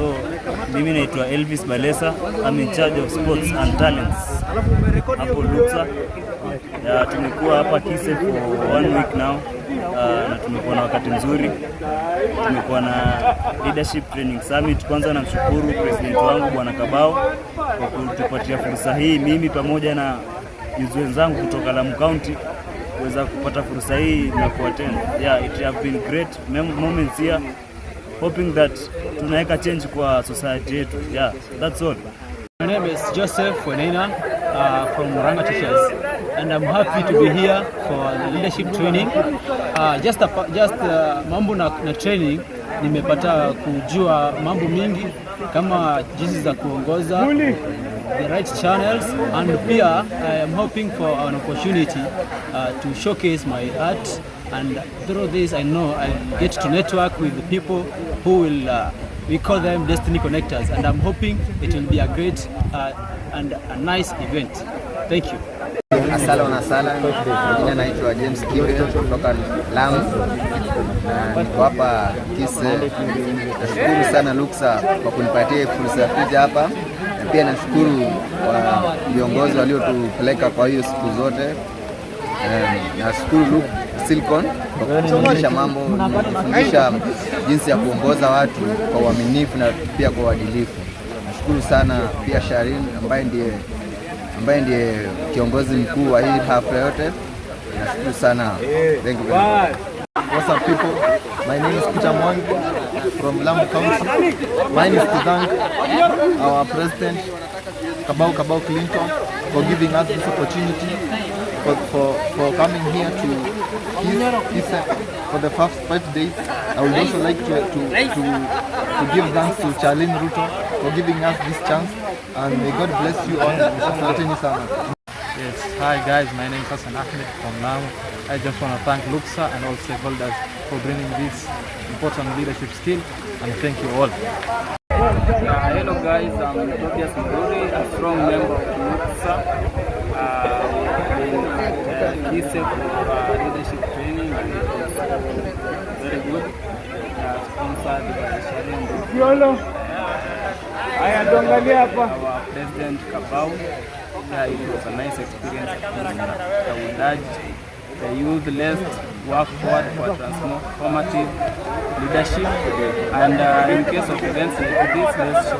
So mimi naitwa Elvis Balesa, I'm in charge of sports and talents hapo Luxa. Uh, tumekuwa hapa Kise for one week now na uh, tumekuwa na wakati mzuri, tumekuwa na leadership training summit. Kwanza namshukuru president wangu Bwana Kabao kwa kutupatia fursa hii, mimi pamoja na yuzi wenzangu kutoka Lamu County kuweza kupata fursa hii na kuattend. Yeah, it have been great moments here hoping that tunaweka change kwa society yetu. Yeah, that's all. My name is Joseph Wenena uh, from Muranga Teachers and I'm happy to be here for the leadership training. Uh, just a, just uh, mambo na, na training nimepata kujua mambo mingi kama jinsi za kuongoza the right channels and pia I am hoping for an opportunity uh, to showcase my art and through this I know I get to network with the people who will uh, we call them destiny connectors and I'm hoping it will be a great uh, and a nice event. Thank you. Asala na sala, jina naitwa James Kiwe kutoka Lamu na niko hapa Kise. Nashukuru sana Luxa kwa kunipatia fursa ya kuja hapa na pia nashukuru uh, viongozi waliotupeleka kwa hiyo siku zote. Eh, nashukuru Silicon kufundisha mambo, kufundisha jinsi ya kuongoza watu kwa uaminifu na pia kwa uadilifu. Nashukuru sana pia Sharin ambaye ndiye ambaye ndiye kiongozi mkuu wa hii hafla yote. Nashukuru sana. Thank you. What's up people? My name is Peter Mwangi from Lamu County. Mine is to thank our president Kabau Kabau Clinton for giving us this opportunity, for, for, for coming here to his, uh, for the first five days. I would also like to, to, to, to give thanks to Charlene Ruto for giving us this chance and may God bless you all Yes, hi guys, my name is Hassan Ahmed from Lamu. I just want to thank Luxa and all stakeholders for bringing this important leadership skill and thank you all. Uh, hello guys, I'm Tobias Mburi, a strong member of MUPSA. Uh, been KISE for leadership training and it was very good. Uh, sponsored by Sharian Yolo. Uh, Aya, tuangalia hapa. Our president Kabau. Uh, it was a nice experience. Kaundaji, the youth list work forward for transformative leadership and uh, in case of events like this,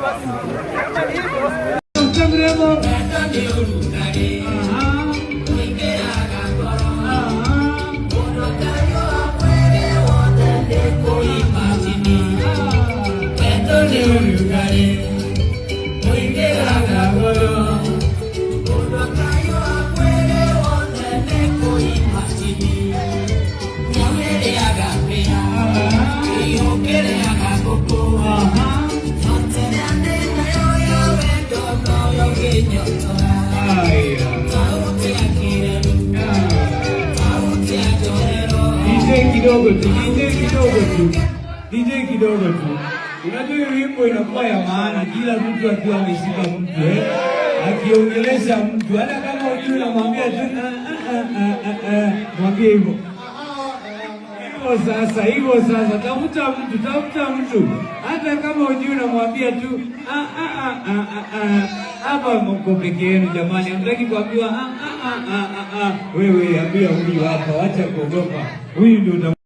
let's show up. kidogo tu, DJ kidogo tu, DJ kidogo tu. Unajua hiyo wimbo inakuwa ya maana kila mtu akiwa ameshika mtu eh, akiongelesha mtu, hata kama hujui, namwambia tu ah, ah, ah, mwambie hivyo hivyo. Sasa hivyo sasa, tafuta mtu, tafuta mtu, hata kama hujui, namwambia tu hapa mko peke yenu jamani, hamtaki kuambiwa wewe, ambia huyu hapa, acha kuogopa, huyu ndio